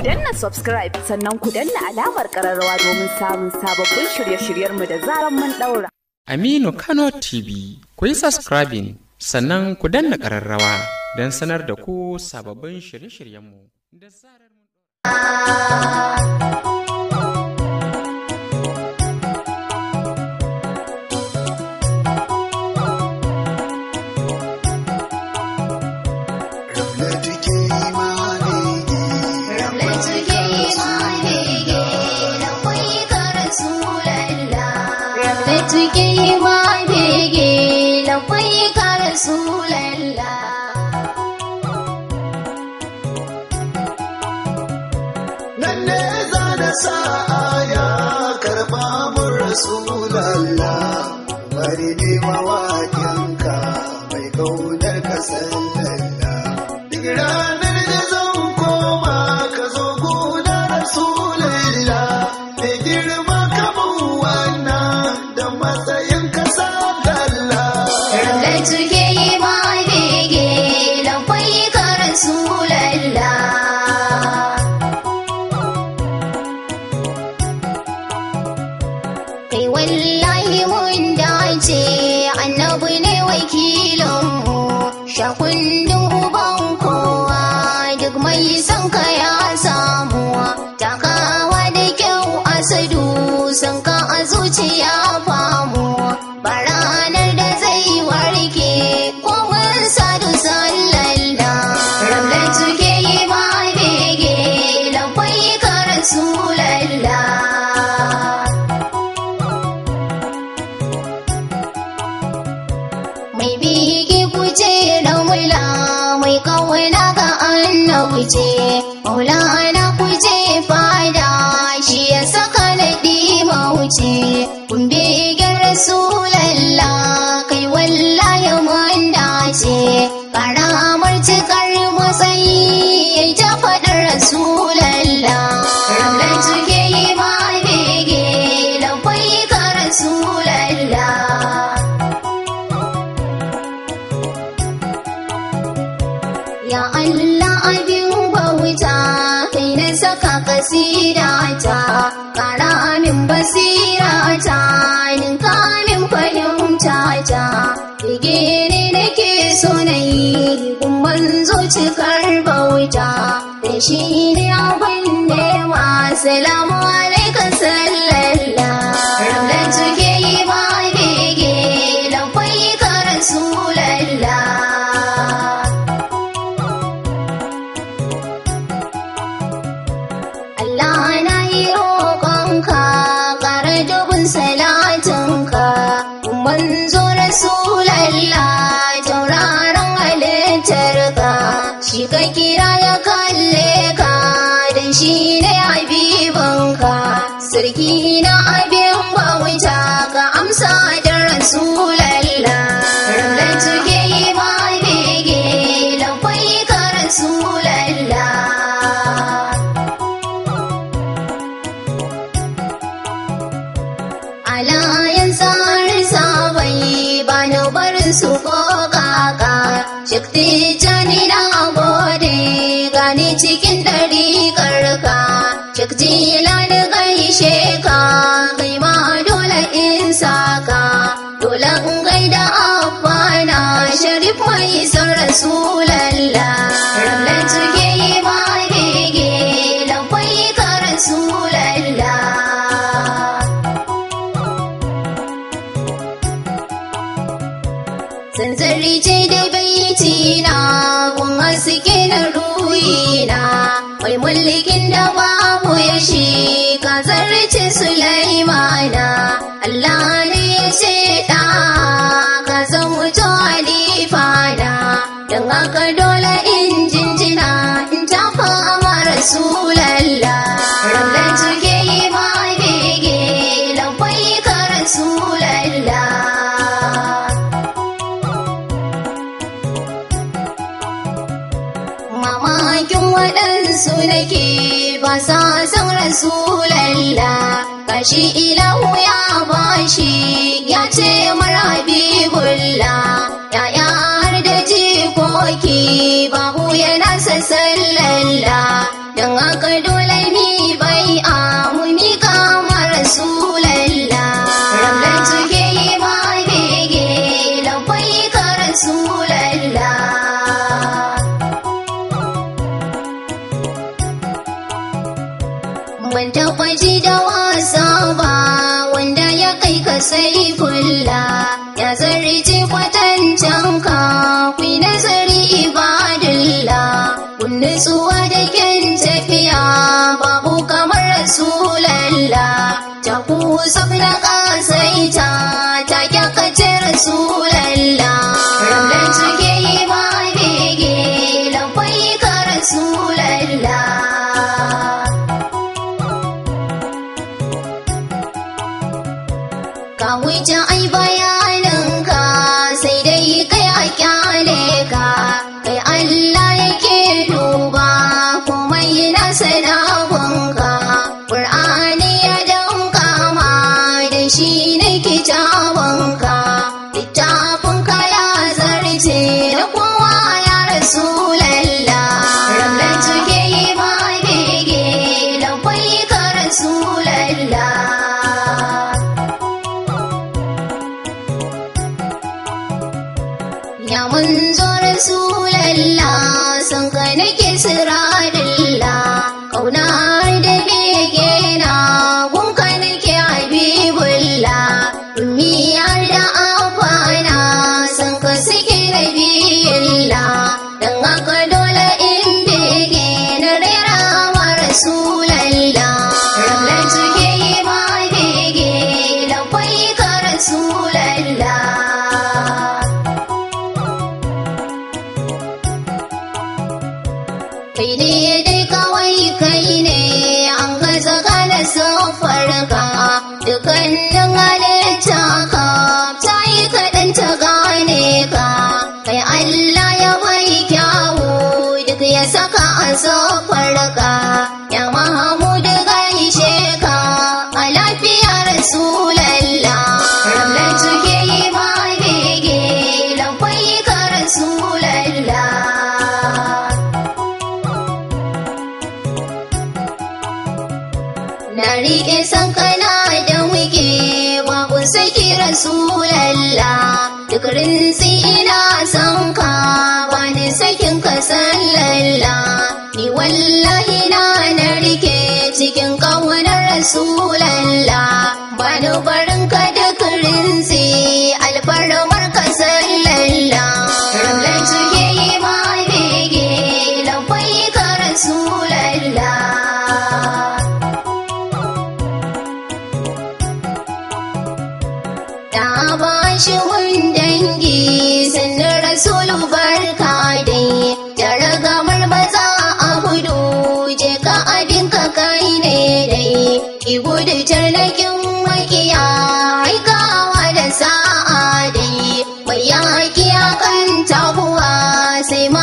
Ku danna subscribe sannan ku danna alamar kararrawa domin samun sababbin shirye-shiryenmu da zaran mun daura. Aminu Kano TV, ku yi subscribing sannan ku danna kararrawa don sanar da ku sababbin shirye-shiryenmu da zarar mun daura. ma bege labai ka rasulallah nan ne za na sa aya karba mun rasulallah bari ne mawakinka mai kaunar ka ranar da zan koma ka zo gona rasulallah mai girma Igini nake so na yi zo cikar bauta da shi ne abin nema. Salamu alaikum sallallahu shi ka kira ya kalle ka dan shi ne abibanka sarki na abin bauta ka amsa da rasulallah ranar tuke yi ma bege lamfai ka rasulallah alayan tsarin ba na ko kaka janina mulkin da babu ya shi ka zarce Sulaimana Allah ne ya ce shaida ka zauto fada, don haka dole in jinjina in tafa ma Rasulallah nake ba sa san rasulallah kashi ilahu ya bashi ya ce marabi bibullah ban taɓa da wasa ba wanda ya kai ka sai fulla ya zarce kwatancan ka ku nazari ibadilla kun suwa da kyan tafiya babu kamar rasulalla ta ku sabna kasaita ta kyakace rasulalla wuce ai ba rasulallah duk rinsi sanka son bani sakin ka sallalla ni wallahi na narke cikin kaunar rasulallah bani bar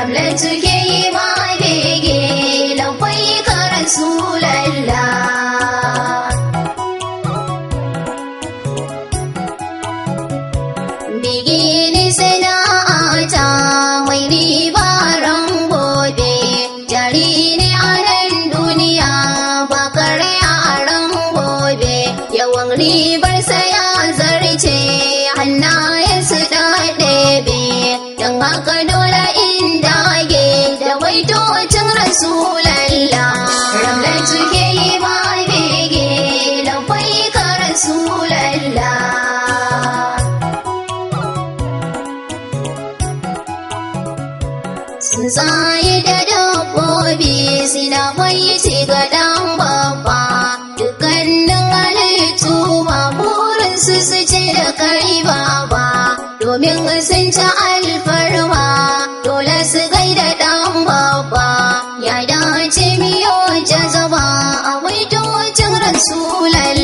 Проблем сухие мамы. domin sun ci alfarma dole su gaida ɗan babba ya dace miyo jazaba a cin rasulala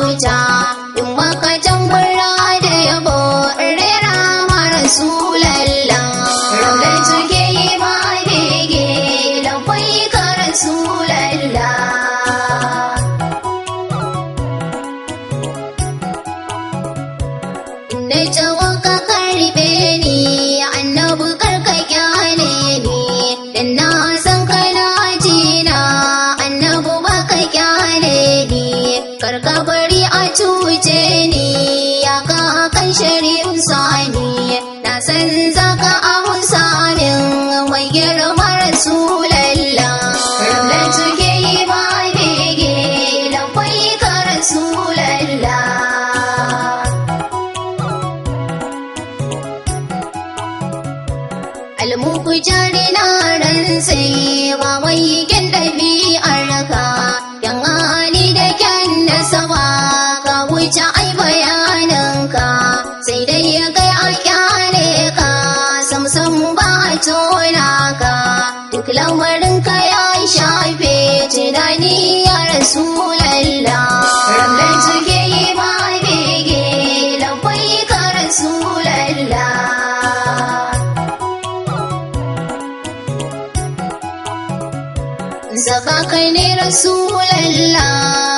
wuta in maka tambara da yabo in rera ma rasulai yin sani na san zaka azul la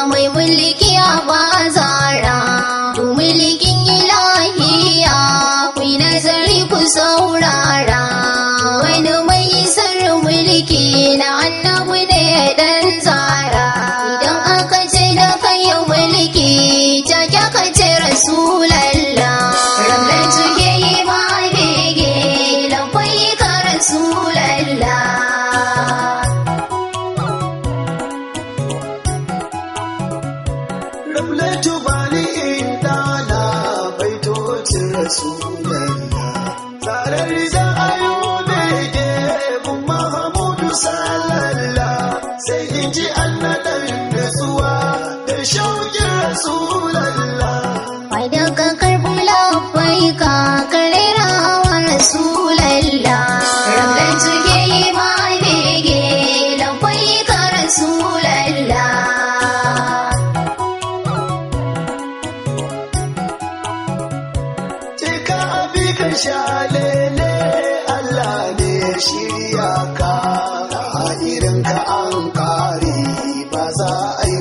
aikin ka an kare ba za a yi